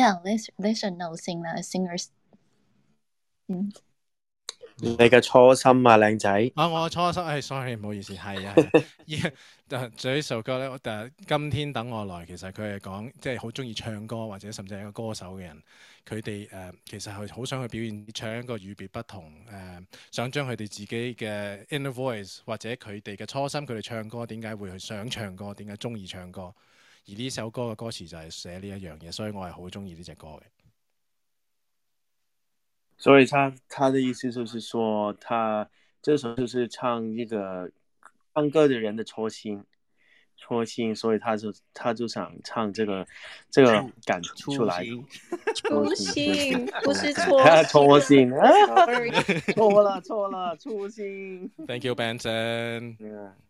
呀，呢呢個 no singer singers，嗯、mm.，你嘅初心啊，靚仔 啊，我嘅初心係、哎，sorry，唔好意思，係啊，而就呢首歌咧，就係、 yeah，《今天等我來》。其實佢係講，即係好中意唱歌，或者甚至係一個歌手嘅人，佢哋誒其實係好想去表現，唱一個與別不同誒、呃，想將佢哋自己嘅 inner voice 或者佢哋嘅初心，佢哋唱歌點解會去想唱歌，點解中意唱歌？而呢首歌嘅歌詞就係寫呢一樣嘢，所以我係好中意呢隻歌嘅。所以他他的意思就是說，他這首就是唱一個唱歌嘅人嘅初心，初心，所以他就他就想唱這個這個感出來。初心不是錯心，錯 心，錯 Sorry. 了錯了，初心。Thank you，Benson。